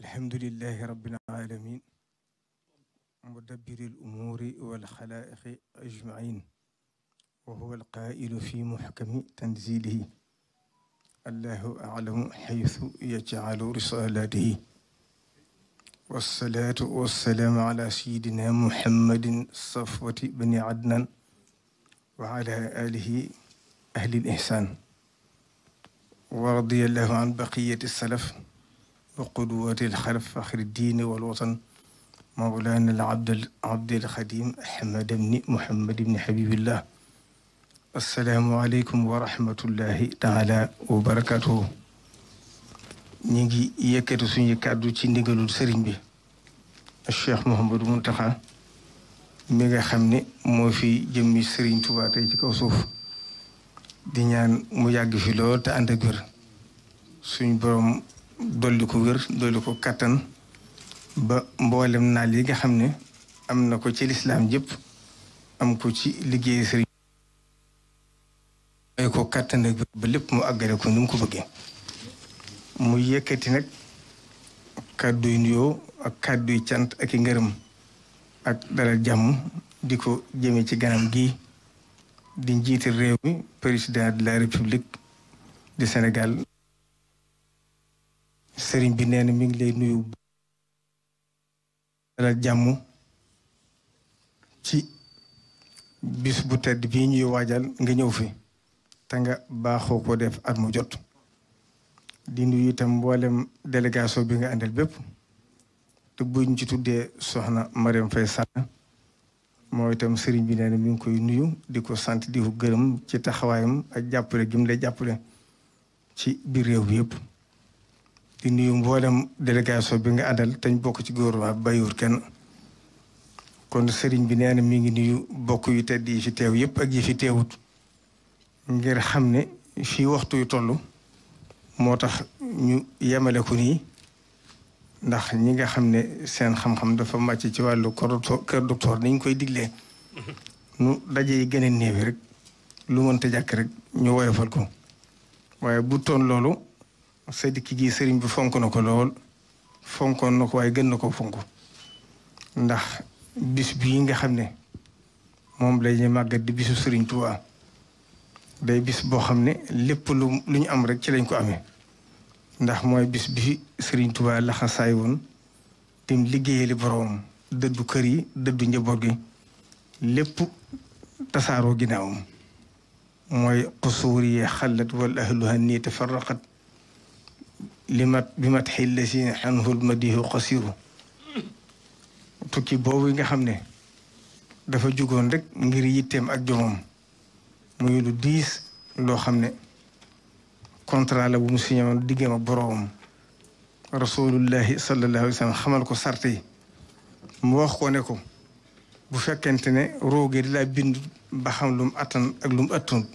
alhamdulillahi rabbil alamin mudabbiril umuuri wal xalaa'iqi ajmain wa huwa alqaa'ilu fi muxkami tanzilihi allahu aclamu xaytu yajcalu risaalaatihi wassalaatu wassalaamu ala sayyidina muhammadin safwati bani adnan wa ala aalihi ahli l-ihsaan wa radiyallahu an baqiyati salaf wa qudwatil xaraf axir diini wal watan mawlaana al xadim ahmad ibni muhammad ibni habibillah assalaamu aleykum wa rahmatullahi taala wa barakatuhu ñu ngi yëkkati suñu kàddu ci ndigalul sëriñ bi cheikh Mouhamadou Mountakha mi nga xam ni moo fi jëmmi sëriñ Tuubaa ci kaw di ñaan mu yàgg fi lool te ànd ak wér suñu dolli ko wér dolli ko kattan ba mboolem naa yi nga xam ne am na ko ci lislaam jëpp am ko ci liggéey sëriñ may ko kattan ba lépp mu àggale ko ni mu ko bëggee mu yëkkati nag kàdduy nuyoo ak kàdduy cant ak i ngërëm ak dalal jàmm di ko jëmee ci ganam gi di njiital réew mi président de la république du Sénégal sëriñ bi nee na mi ngi lay nuyu dalal jàmm ci bis bu tedd bii ñuy waajal nga ñëw fi te nga baaxoo ko def at mu jot di nuyu itam mboolem délégation bi nga àndal bépp te buñ ci tuddee soxna Mariam Faye Sall moo itam sëriñ bi nee na mi ngi koy nuyu di ko sant di gërëm ci taxawaayam ak jàppale gi mu lay jàppale ci biir réew bi yëpp di nuyu mboolem délégation bi nga àndal te ñu bokk ci gouvernement bi bàyyiwul kenn kon sëriñ bi nee na mi ngi nuyu bokk yu tedd yi fi teew yëpp ak yi fi teewut ngir xam ne fii waxtu yu toll moo tax ñu yemale ko nii ndax ñi nga xam ne seen xam-xam dafa màcc ci wàllu kër docteur ni ñu koy diglee nu daje yi gën a néew rek lu mënta jàkk rek ñu woyofal ko waaye bu toon loolu. sa dikk gi sëriñ bi fonk na ko lool fonkoon na ko waaye gën na ko fonk ndax bis bii nga xam ne moom la ñuy màggat di bisu sëriñ day bis boo xam ne lépp lu lu ñu am rek ci lañ ko amee ndax mooy bis bi sëriñ Tuubaa laxasaay woon tim liggéeyali boroom dëddu kër yi dëddu njaboot gi lépp tasaaroo ginnaawam mooy xusuur yi xalat wal ahluha nii tafarraqat li mat bi mat xil la si anhul madihu qasiru tukki boobu nga xam ne dafa jugoon rek ngir yitteem ak jomam muy lu diis loo xam ne contrat la bu mu signé woon diggam ak boroomam rasulullahi sallallahu alayhi xamal ko sart yi mu wax ko ne ko bu fekkente ne roogee di laa bind ba xam lu mu attan ak lu mu attanut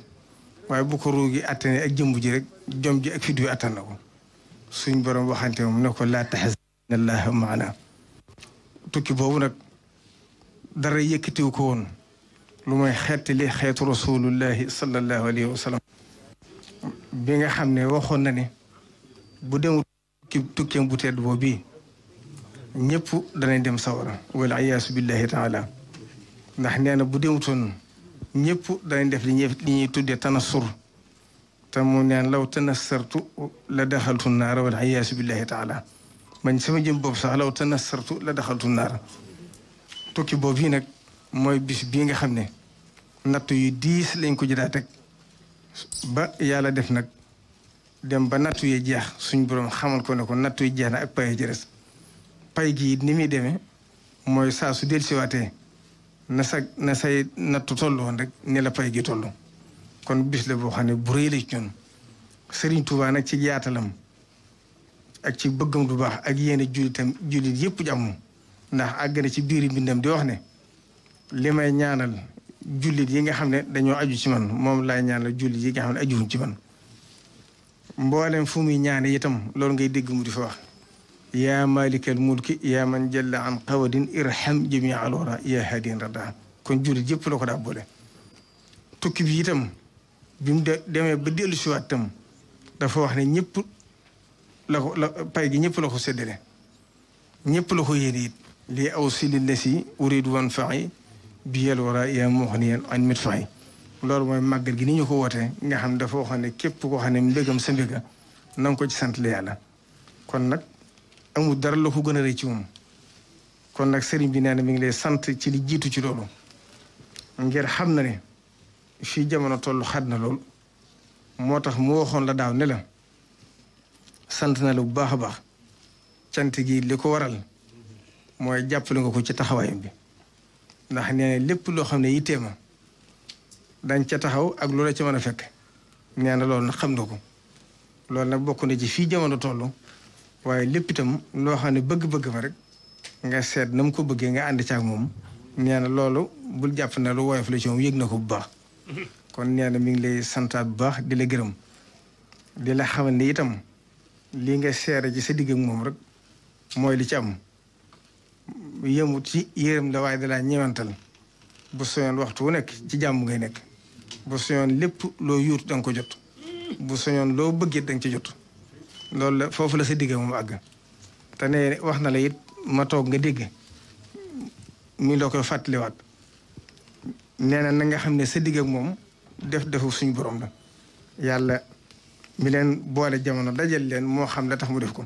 waaye bu ko roogee attane ak jëmb ji rek jom ji ak fit wi attan na ko suñ borom waxante moom ne ko laa taxas inna maana tukki boobu nag dara yëkkatiw ko woon lu mooy xeetali xeetu rasulullahi sallallahu alayhi bi nga xam ne waxoon na ne bu dem tukki tukkeem bu tedd boo bii ñëpp dem sawara wala ayaasu billahi taala ndax nee na bu demutoon ñëpp danañ def li ñuy li ñuy tuddee tanasur te mu neen law tanassartu la daxaltu naara wal iyaasu billahi taala mañ sama jëm boobu sax law tanassartu la daxaltu naara tukki boobu yi nag mooy bis bii nga xam ne nattu yu diis lañ ko jëdaa teg ba yàlla def nag dem ba nattu yi jeex suñ boroom xamal ko ne ko nattu yi jeex na ak pay jërës pay gi ni muy demee mooy saa su dellusiwaatee na sa na say nattu tollu woon rek ni la pay gi tollu kon bis la boo xam ne bu rëy la ci ñun Serigne Touba nag ci yaatalam ak ci bëggam du baax ak yéen jullitam jullit yëpp jàmm ndax àgg ci biir mbindam di wax ne li may ñaanal jullit yi nga xam ne dañoo aju ci man moom laay ñaanal jullit yi xam ne ajuwuñ ci man mboolem fu muy ñaane yitam loolu ngay dégg mu di fa wax yaa malikal mulki yaa man jalla an qawadin irham jamia alwara yaa hadin rada kon jullit yëpp la ko daa boole tukki bi itam bi mu demee ba dellu si waat tam dafa wax ne ñëpp la ko la pay gi ñëpp la ko séddale ñëpp la ko yéene it lii aw si li si yi du wan faxi bi yel war a yaa moox ni yeen añ mit faxi loolu mooy màggal gi ni ñu ko wootee nga xam dafa waxoon ne képp koo xam ne mbégam sa mbéga na nga ko ci sant la kon nag amul dara la ko gën a rëy ci moom kon nag sëriñ bi nee na mi ngi lay sant ci li jiitu ci loolu ngir xam na ne fii jamono toll xat na lool moo tax mu waxoon la daaw ne la sant na la bu baax a baax cant gii li ko waral mooy jàppale nga ko ci taxawaayam bi ndax nee na lépp loo xam ne yittee ma dañ ca taxaw ak loola ci mën a fekk nee na loolu na xam na ko loolu nag bokk na ci fii jamono tollu waaye lépp itam loo xam ne bëgg-bëgg fa rek nga seet na mu ko bëggee nga ànd ci ak moom nee na loolu bul jàpp na lu woyof la ci moom yëg na ko bu baax kon nee na mi ngi lay santaat bu baax di la gërëm di la xamal ni itam lii nga seere ci sa digg moom rek mooy li ci am yëmut ci yërëm la waaye dalaa ñewantal bu soñoon waxtu wu nekk ci jàmm ngay nekk bu soñoon lépp loo yuut da ko jot bu soñoon loo bëggee da ci jot loolu la foofu la sa digg moom àgg te ne wax na la it ma toog nga dégg mu ngi la koy fàttaliwaat nee na nga xam ne sa digg moom def defu suñu borom la yàlla mi leen boole jamono dajal leen moo xam la tax mu def ko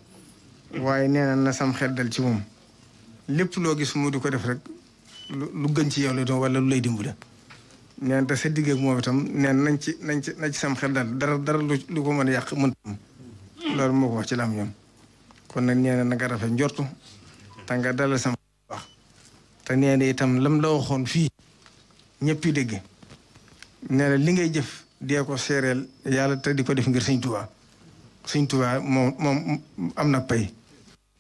waaye nee na na sam xel dal ci moom lépp loo gis mu di ko def rek lu gën ci yow la doon wala lu lay dimbale nee na te moom itam nee nañ ci nañ ci nañ ci sam xel dara dara lu ko mën a yàq mën loolu moo ko wax ci la am kon nag nee na na nga njortu te nga dalal sam baax te nee itam lam la waxoon fii ñëpp dégg ne la li ngay jëf dee ko seereel yàlla te di ko def ngir sëñ Tuubaa sëñ Tuubaa moom moom am na pay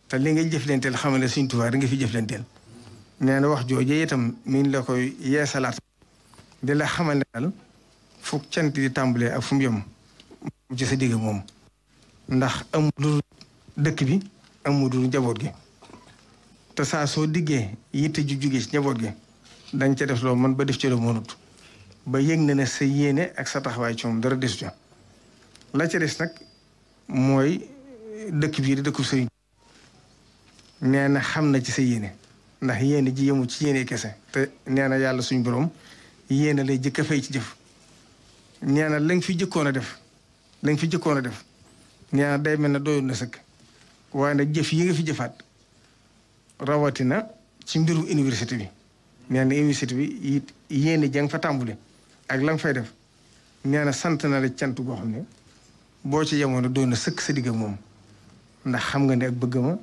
te li ngay jëflanteel xamal ne sëñ Tuubaa da nga fi jëflanteel nee na wax jooju itam mi ngi la koy yeesalaat di la xamal ne daal fu cant di tàmbalee ak fu mu yem ci sa digg moom ndax amul lu dëkk bi amul lu njaboot gi te saa soo diggee yitte ju jugee ci njaboot gi danga ca def loo man ba def ci loo mënut ba yëg na ne sa yéene ak sa taxawaay ci moom dara desu ca la ca des nag mooy dëkk bii di dëkku sëriñ nee na xam na ci sa yéene ndax yéene ji yemu ci yéene kese te nee na yàlla suñu borom yéene lay jëkk a fay ci jëf nee lañ fi jëkkoon a def la fi jëkkoon a def nee day mel ne doyoon na sëkk waaye nag jëf yi nga fi jëfaat rawatina ci mbirum université bi nee na université bi it yéene jang fa tàmbule ak la nga fay def nee na sant na la cant goo xam ne boo ci yemoon doon na sëkk sa digg moom ndax xam nga ne ak bëgg ma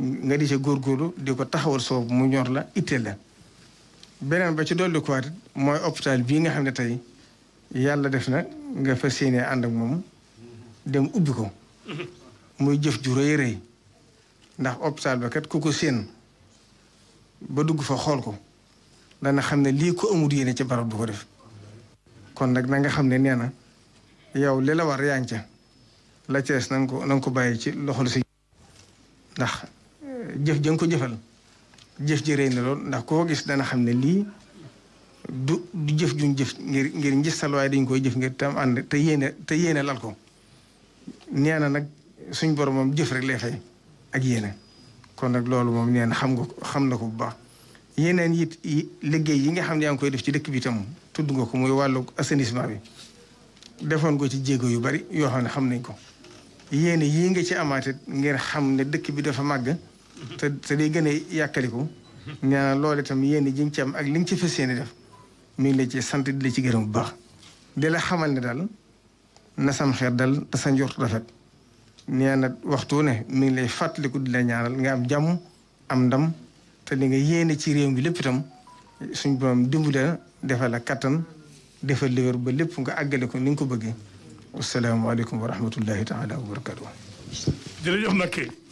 nga di góor góorlu di ko taxawal soobu mu ñor la itteel la beneen ba ci dolli ko waat mooy hôpital bii nga xam ne tey yàlla def na nga fa yéenee ànd ak moom dem ubbi ko muy jëf ju rëy ndax hôpital ba kat ku ko séen ba dugg fa xool ko dana xam ne lii ko amul yéene ci barab du ko def kon nag na nga xam ne nee na yow li la war yaa ngi ca la cees na ko na ko bàyyi ci loxol si ndax eh, jëf ja ko jëfal jëf ji rëy na lool ndax koo gis dana xam ne lii du du jëf juñ jëf ngir ngir njistal waaye dañ koy jëf ngir tam ànd te yéene te yéene lal ko nee na nag suñ boromam jëf rek lay fay ak yéene kon nag loolu moom neen xam nga xam na ko bu baax yeneen it liggéey yi nga xam ne yaa ngi koy def ci dëkk bi tam tudd nga ko muy wàllu assainissement bi defoon ko ci jéego yu bari yoo xam ne xam nañ ko yéen yii nga ci amaate ngir xam ne dëkk bi dafa màgg te day gën a yàkkaliku ñaa loolu itam yéen ji nga ci am ak li nga ci fas yéene def mi ngi la ci sant di la ci gërëm bu baax di la xamal ne daal na sam xeer dal te sa njort rafet nee na waxtu ne mi ngi lay fàttaliku di la ñaanal nga am jàmm am ndam te li nga yéene ci réew mi lépp itam suñ borom dimbali la defal la kattan defal li ba lépp nga àggale ko ni nga ko bëggee. asalaamaaleykum wa rahmatullahi taala wa barakatuh. jërëjëf